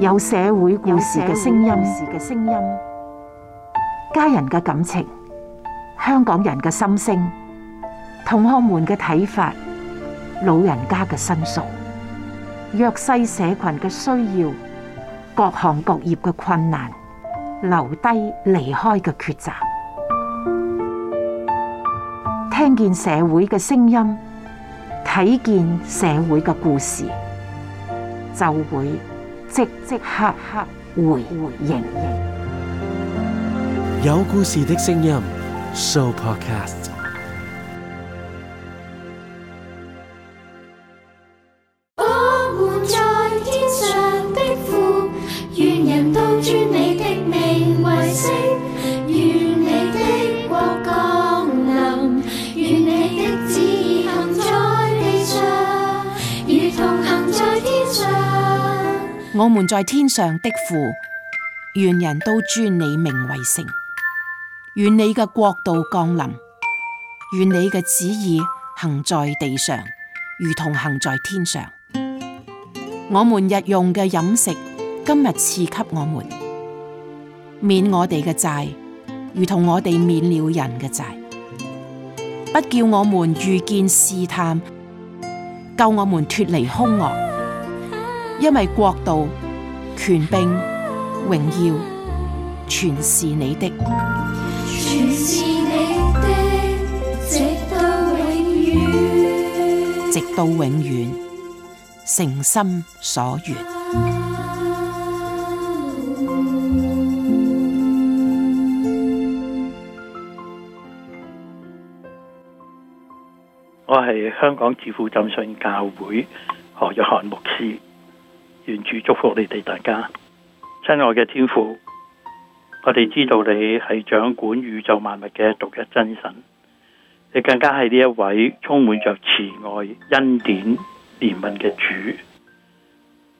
有社會故事嘅聲音，嘅聲音，家人嘅感情，香港人嘅心聲，同學們嘅睇法，老人家嘅申訴，弱勢社群嘅需要，各行各業嘅困難，留低離開嘅抉擇，聽見社會嘅聲音，睇見社會嘅故事，就會。即即刻刻，回回應盈，有故事的聲音，Show Podcast。我們在天上的父，願人都尊你名為聖。願你嘅國度降臨，願你嘅旨意行在地上，如同行在天上。我們日用嘅飲食，今日賜給我們，免我哋嘅債，如同我哋免了人嘅債。不叫我們遇見試探，救我們脱離凶惡。因為國度、權柄、榮耀，全是你的，全是你的，直到永遠，直到永遠，誠心所願。我係香港主富浸信教會何約翰牧師。願主祝福你哋大家，親愛嘅天父，我哋知道你係掌管宇宙萬物嘅獨一真神，你更加係呢一位充滿着慈愛、恩典、憐憫嘅主。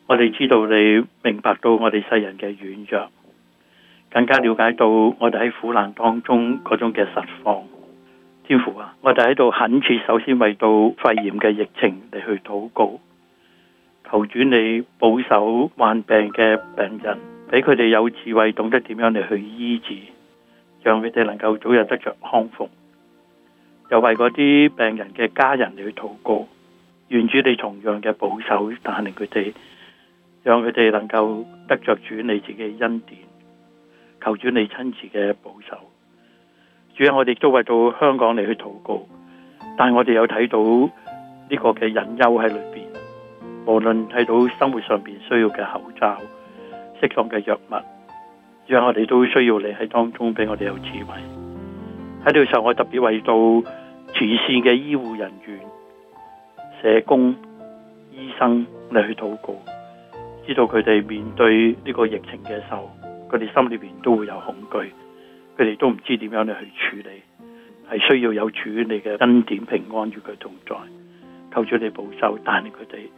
我哋知道你明白到我哋世人嘅軟弱，更加了解到我哋喺苦難當中嗰種嘅實況。天父啊，我哋喺度懇切首先為到肺炎嘅疫情嚟去禱告。求主你保守患病嘅病人，俾佢哋有智慧，懂得點樣嚟去醫治，讓佢哋能夠早日得着康復。又為嗰啲病人嘅家人嚟去禱告，願主你同樣嘅保守，帶領佢哋，讓佢哋能夠得着主你自己恩典。求主你親自嘅保守，主，我哋都為到香港嚟去禱告，但係我哋有睇到呢個嘅隱憂喺裏邊。無論喺到生活上邊需要嘅口罩、適當嘅藥物，讓我哋都需要你喺當中俾我哋有智慧。喺呢個時候，我特別為到前線嘅醫護人員、社工、醫生嚟去禱告，知道佢哋面對呢個疫情嘅時候，佢哋心裏邊都會有恐懼，佢哋都唔知點樣嚟去處理，係需要有主你嘅恩典平安與佢同在，求主你保守，帶領佢哋。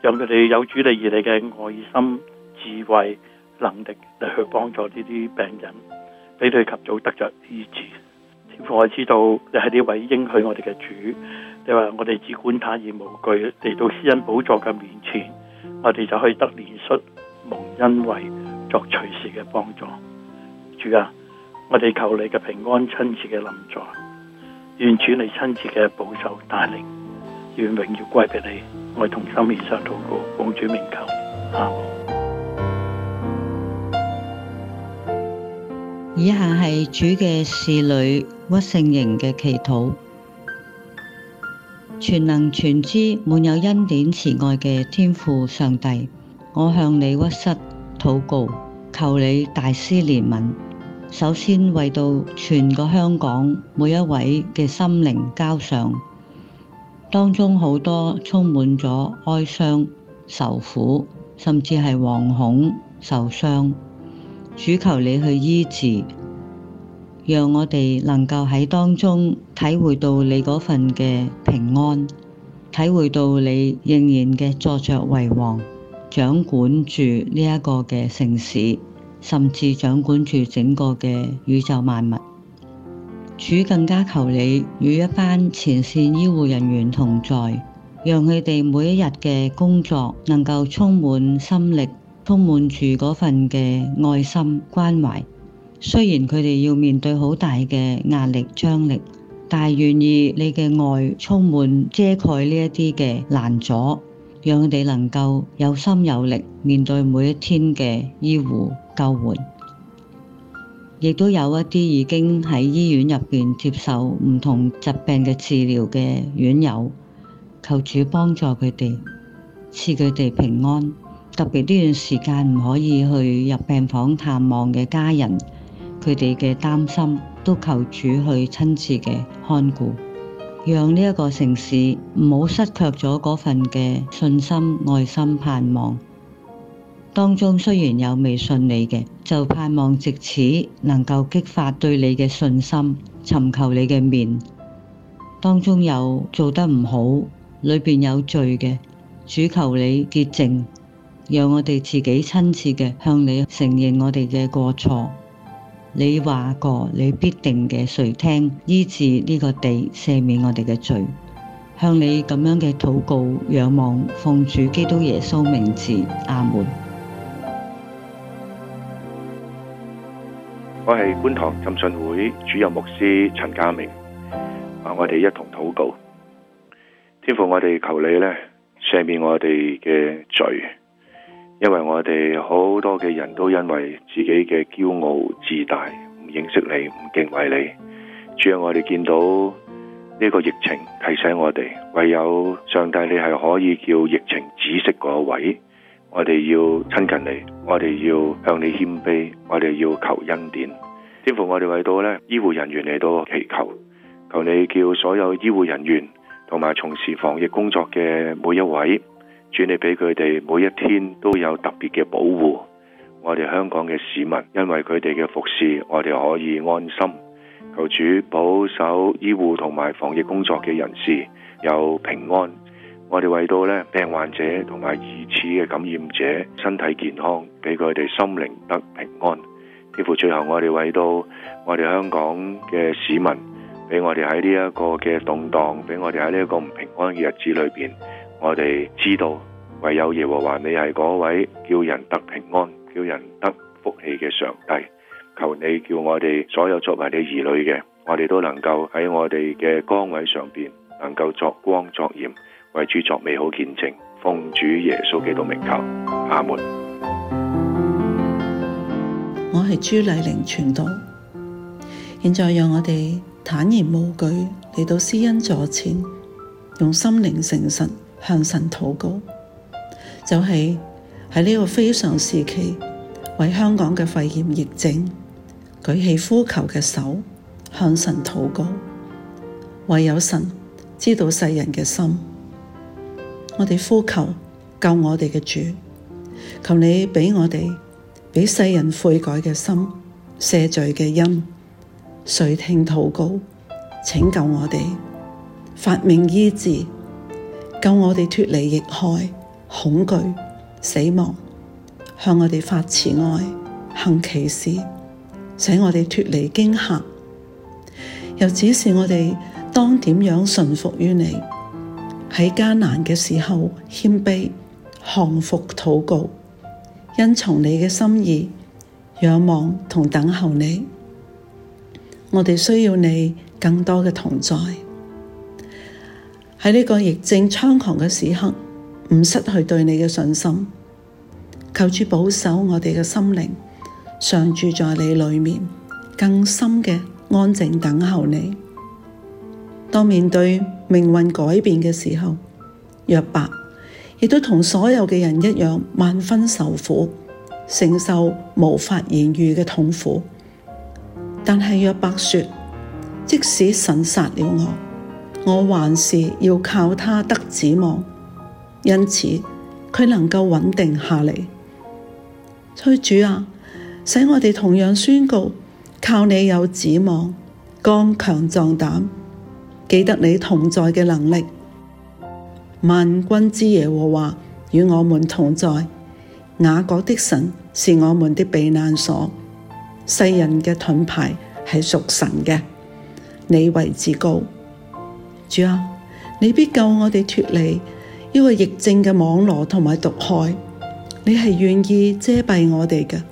讓佢哋有主理而嚟嘅愛心、智慧、能力嚟去幫助呢啲病人，俾佢及早得着醫治。天父我知道你係呢位應許我哋嘅主，你話我哋只管坦然無懼，嚟到施恩寶座嘅面前，我哋就可以得憐恤、蒙恩惠，作隨時嘅幫助。主啊，我哋求你嘅平安、親切嘅臨在，願主你親切嘅保守帶領。願榮耀歸俾你，我同心而上禱告，主名求。以下係主嘅侍女屈聖盈嘅祈禱。全能全知、滿有恩典慈愛嘅天父上帝，我向你屈膝禱告，求你大施憐憫，首先為到全個香港每一位嘅心靈交上。當中好多充滿咗哀傷、愁苦，甚至係惶恐、受傷。主求你去醫治，讓我哋能夠喺當中體會到你嗰份嘅平安，體會到你仍然嘅坐著為王，掌管住呢一個嘅城市，甚至掌管住整個嘅宇宙萬物。主更加求你與一班前線醫護人員同在，讓佢哋每一日嘅工作能夠充滿心力，充滿住嗰份嘅愛心關懷。雖然佢哋要面對好大嘅壓力、張力，但願意你嘅愛充滿遮蓋呢一啲嘅難阻，讓佢哋能夠有心有力面對每一天嘅醫護救援。亦都有一啲已經喺醫院入邊接受唔同疾病嘅治療嘅院友，求主幫助佢哋，賜佢哋平安。特別呢段時間唔可以去入病房探望嘅家人，佢哋嘅擔心都求主去親切嘅看顧，讓呢一個城市唔好失卻咗嗰份嘅信心、愛心、盼望。當中雖然有未信你嘅，就盼望借此能夠激發對你嘅信心，尋求你嘅面。當中有做得唔好，裏面有罪嘅，主求你潔淨，讓我哋自己親切嘅向你承認我哋嘅過錯。你話過，你必定嘅垂聽醫治呢個地赦免我哋嘅罪。向你咁樣嘅禱告，仰望奉主基督耶穌名字，阿門。我係觀塘浸信會主任牧師陳家明，啊，我哋一同禱告，天父，我哋求你咧赦免我哋嘅罪，因為我哋好多嘅人都因為自己嘅驕傲自大唔認識你唔敬畏你，主啊，我哋見到呢個疫情提醒我哋，唯有上帝你係可以叫疫情止息個位。我哋要親近你，我哋要向你謙卑，我哋要求恩典。天父，我哋為到呢醫護人員嚟到祈求，求你叫所有醫護人員同埋從事防疫工作嘅每一位，主你俾佢哋每一天都有特別嘅保護。我哋香港嘅市民，因為佢哋嘅服侍，我哋可以安心。求主保守醫護同埋防疫工作嘅人士，有平安。我哋為到咧病患者同埋疑似嘅感染者身體健康，俾佢哋心靈得平安。幾乎最後，我哋為到我哋香港嘅市民，俾我哋喺呢一個嘅動盪，俾我哋喺呢一個唔平安嘅日子裏邊，我哋知道唯有耶和華你係嗰位叫人得平安、叫人得福氣嘅上帝。求你叫我哋所有作為你兒女嘅，我哋都能夠喺我哋嘅崗位上邊。能夠作光作鹽，為主作美好見證，奉主耶穌基督名求，阿門。我係朱麗玲傳道，現在讓我哋坦然無懼嚟到施恩座前，用心靈誠實向神禱告，就係喺呢個非常時期，為香港嘅肺炎疫症舉起呼求嘅手，向神禱告，唯有神。知道世人嘅心，我哋呼求救我哋嘅主，求你畀我哋畀世人悔改嘅心，赦罪嘅恩，垂聽禱告，請救我哋，發命醫治，救我哋脫離疫害、恐懼、死亡，向我哋發慈愛、行奇事，使我哋脫離驚嚇，又指示我哋。當點樣順服於你？喺艱難嘅時候謙卑、降服、禱告、遵從你嘅心意、仰望同等候你。我哋需要你更多嘅同在。喺呢個疫症猖狂嘅時刻，唔失去對你嘅信心。求主保守我哋嘅心靈，常住在你裏面，更深嘅安靜等候你。當面對命運改變嘅時候，約伯亦都同所有嘅人一樣萬分受苦，承受無法言喻嘅痛苦。但係約伯說，即使神殺了我，我還是要靠他得指望，因此佢能夠穩定下嚟，主啊，使我哋同樣宣告，靠你有指望，剛強壯膽。記得你同在嘅能力，萬軍之耶和華與我們同在。雅各的神是我們的避難所，世人嘅盾牌係屬神嘅。你位至高，主啊，你必救我哋脱離呢個疫症嘅網羅同埋毒害。你係願意遮蔽我哋嘅，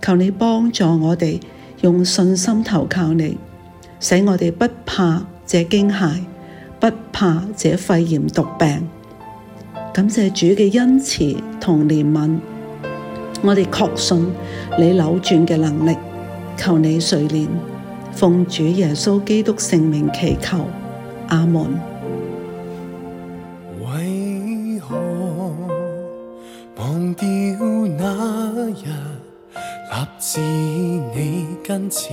求你幫助我哋用信心投靠你，使我哋不怕。這驚嚇，不怕這肺炎毒病，感謝主嘅恩慈同憐憫，我哋確信你扭轉嘅能力，求你垂憐，奉主耶穌基督聖名祈求，阿門。為何忘掉那日立在你跟前？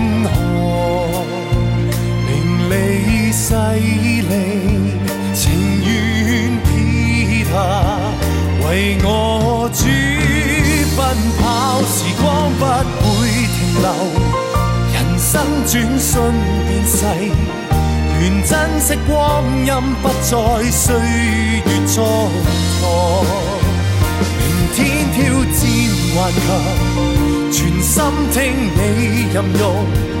毅力情願撇下，為我主奔跑。時光不會停留，人生轉瞬變逝，願珍惜光陰，不再歲月蹉跎。明天挑戰還強，全心聽你任用。